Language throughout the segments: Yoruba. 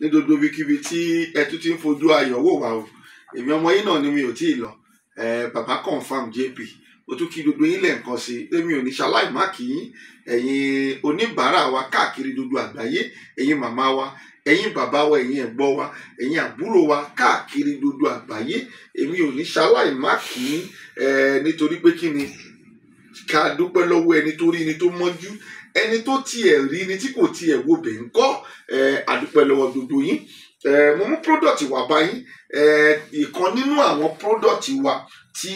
ní gbogbo ibikíbi tí ẹ tún ti ń fojú ayọ̀ wò wá o èmi ọmọ yín náà ni mi ò tí ì lọ bàbá confam jp o tún kí gbogbo yín lẹ́ẹ̀kan sí èmi ò ní ṣaláì má kì í ẹ̀yin oníbàárà wa káàkiri gbogbo àgbáyé ẹ̀yin màmá wa ẹ̀yin bàbá wa ẹ̀yin ẹ̀gbọ́n wa ẹ̀yin àbúrò wa káàkiri gbogbo àgbáyé èmi ò ní ṣaláì má kì í nítorí pé kí ni ká dúpẹ́ lọ́wọ́ ẹni tó rí ẹni tó mọ́jú ẹni tó tiẹ̀ rí ni tí kò tiẹ̀ wo bẹ̀ ń kọ́ àdúpẹ́ lọ́wọ́ gbogbo yín mo mú product wa báyìí ìkan nínú àwọn product wa tí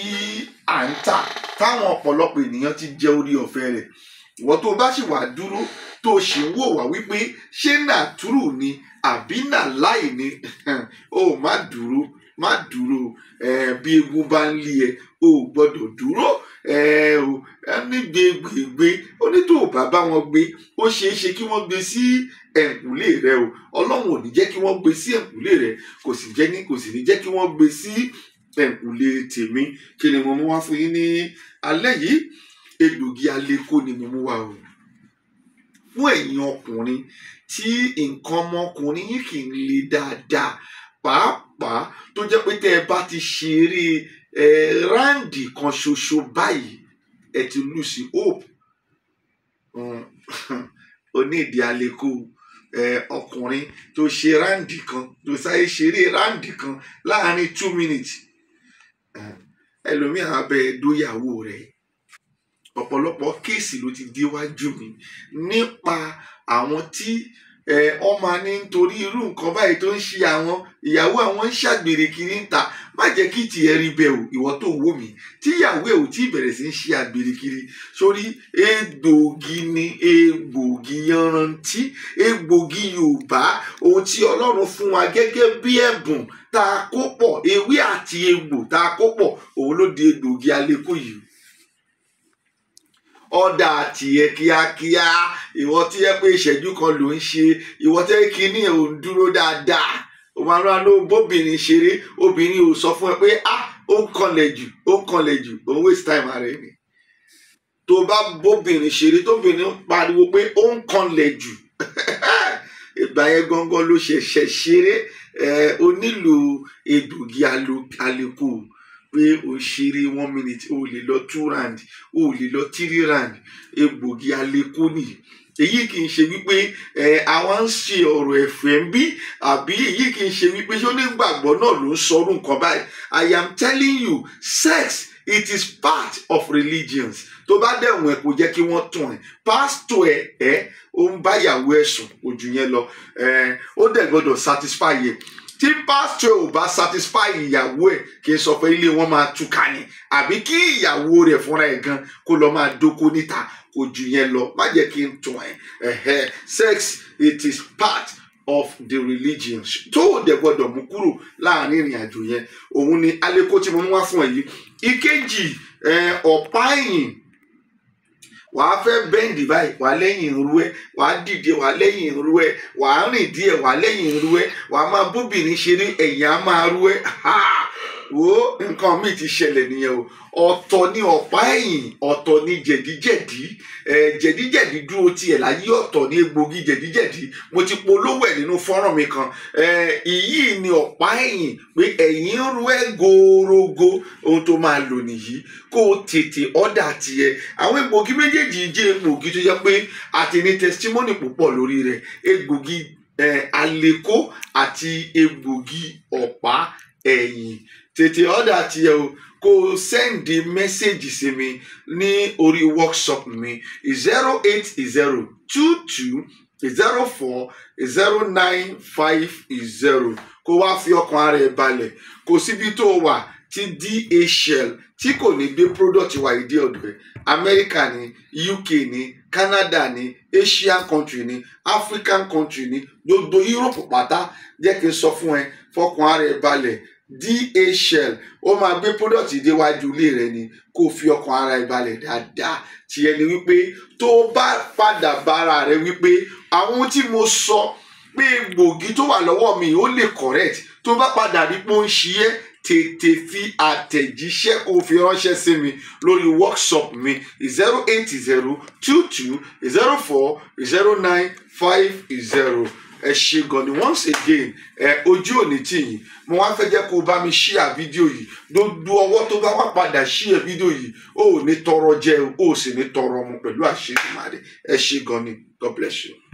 à ń tà táwọn ọ̀pọ̀lọpọ̀ ènìyàn ti jẹ orí ọ̀fẹ́ rẹ̀ ìwọ tó bá sì wà dúró tó sì ń wò wá wípé ṣé nàtúrù ni àbí nàláì ni ó má dúró má dúró bí egun bá ń lé ẹ o gbọ́dọ̀ dúró ẹ o ẹmígbe gbègbè onítò bàbá wọn gbé ó ṣeé ṣe kí wọ́n gbé sí ẹ̀kúlé rẹ o ọlọ́run ò ní jẹ́ kí wọ́n gbé sí ẹ̀kúlé rẹ kò sì jẹ́ ní kò sì ní jẹ́ kí wọ́n gbé sí ẹ̀kúlé tèmi kí ni mo mú wá fún yín ní alẹ́ yìí egbògi aleko ni mo mú wá o fún ẹ̀yin ọkùnrin tí nǹkan ọmọkùnrin yìí kì í le dáadáa pàápàá jẹ́ pé tẹ́ ẹ bá ti ṣeré ẹ ráǹdì kan ṣoṣo báyìí ẹ ti lùsì hope onídìí hmm. àlékún ọkùnrin tó ṣe ráǹdì kan tó sáyé ṣeré ráǹdì kan láàárín two minutes ẹlòmíà abẹ dóyàwó rẹ ọ̀pọ̀lọpọ̀ kéèsì ló ti déwájú mi nípa àwọn tí ọmọ àní nítorí irú nǹkan báyìí tó ń ṣe àwọn ìyàwó àwọn ń ṣàgbèrè kiri ń ta má jẹ́ kí tiẹ̀ rí bẹ́ẹ̀ o ìwọ tó wò mí tí ìyàwó ẹ̀ ò tí bẹ̀rẹ̀ sí ń ṣe àgbèrè kiri sórí egbògi ni egbògi yanrantí egbògi Yorùbá ohun tí Ọlọ́run fún wa gẹ́gẹ́ bí ẹ̀bùn tá a kó pọ̀ ewé àti egbò tá a kó pọ̀ òun ló di egbògi alẹ́kùn yìí ọ̀dà àtìyẹ e kíákíá ìwọ tí yẹ pé ìṣẹ́jú kan ló ń ṣe ìwọ tí yẹ kí ní òun dúró dáadáa òun àrùn àlọ́ bóbìnrin ṣeré obìnrin ò sọ fún ẹ pé ah ó ń kanlẹ̀ jù ó ń kanlẹ̀ jù ó ń waste time ara ẹ ni tó bá bóbìnrin ṣeré tóbìnrin pariwo pé ó ń kanlẹ̀ jù ìgbà yẹn gangan ló ṣẹ̀ṣẹ̀ ṣeré onílù egbògi àlòkù pé o ṣeré one minute o lè lọ two round o lè lọ three round egbògi alekóni èyí kì í ṣe wípé ẹ àwa ń ṣe ọ̀rọ̀ ẹ̀fẹ̀ ń bí àbí èyí kì í ṣe wípé ṣé ó ní gbàgbọ́ náà ló ń sọrú nǹkan báyìí I am telling you sex it is part of religions tó bá dẹ̀wọ̀n ẹ̀ kò jẹ́ kí wọ́n tún ẹ̀ pásítọ̀ ẹ̀ ẹ̀ ó ń báyàwó ẹ̀ sùn ojú yẹn lọ ẹ̀ ó dẹ̀ gbọ́dọ̀ satisfy yẹn tí pásítọ̀ ò bá satisfy ìyàwó ẹ̀ kì í sọ pé ilé wọn máa túká ni àbí kí ìyàwó rẹ̀ fúnra ẹ̀ gan kó lọ máa dóko níta kò jù yẹn lọ má jẹ́ kí n tún ẹ̀ sex it is part of the religion tó o dẹ̀ gbọ́dọ̀ mú kúrò láàrin ìrìn àjò yẹn òun ni aleko tí mo ń wá fún ẹ yìí ìkejì ọ̀pá ẹ̀yìn wàá fẹ́ bẹ́ǹdì báyìí wàá lẹ́yìn irú ẹ wàá dìde wàá lẹ́yìn irú ẹ wàá rìn díẹ̀ wàá lẹ́yìn irú ẹ wàá máa bóbìnrin ṣeré ẹ̀yìn á máa rú ẹ wo nǹkan míì ti ṣẹlẹ̀ nìyẹn o ọ̀tọ̀ ni ọ̀pá ẹ̀yìn ọ̀tọ̀ ni jẹ̀díjẹ̀dí ẹ̀ jẹ̀díjẹ̀dí dúró tiẹ̀ láyé ọ̀tọ̀ ni egbògi jẹ̀díjẹ̀dí mo ti polówó ẹ̀ nínú fọ́nrán mi kan ẹ̀ ìyí ni ọ̀pá ẹ̀yìn pé ẹ̀yìn ru ẹ́ gorogo ohun tó máa lò nìyí kó o tètè ọ̀dà tiẹ̀ àwọn egbògi méjèèjì jẹ́ egbògi tó jẹ́ pé àti ní testimony púpọ̀ lórí rẹ̀ egbògi àlékó àti egbògi ọ̀pá ẹ̀yìn tètè ọ̀dà tiẹ̀ o kò sẹ́ndì mẹ́sẹ̀gì sí mi ní orí workshop mi zero eight zero two two zero four zero nine five zero kó wá fi ọkàn ara ẹ̀ balẹ̀ kò síbi tó wà tí DHL tí kò ní gbé product wa ìdí ọ̀dọ̀ ẹ̀ Amẹ́ríkà ni UK ni Canada ni Asian country ni African country ni gbogbo Europe pátá jẹ́ kí n sọ fún ẹ fọkàn ara balẹ̀ DHL ó máa gbé product déwájú ilé rẹ ni kó fi ọkàn ara ẹ balẹ̀ dáadáa tiẹ̀ ni wípé tó bá padà bára rẹ wípé àwọn tí mo sọ pé gbòógì tó wà lọ́wọ́ mi ó lè correct tó bá padà rí pé ó ń ṣiyẹ́ tètè fi àtẹ̀jíṣẹ́ kó fi ránṣẹ́ sí mi lórí workshop mi zero eight zero two two zero four zero nine five zero ẹ ṣe gan once again ẹ ojú ò tì yín mo wá fẹ́ jẹ́ kó o bá mi ṣíà fídíò yìí gbogbo ọwọ́ tó bá wà padà ṣíà fídíò yìí o ò ní tọrọ jẹ o ò sì ní tọrọ ọmọ pẹ̀lú àṣírí màdé ẹ ṣe gan God bless you.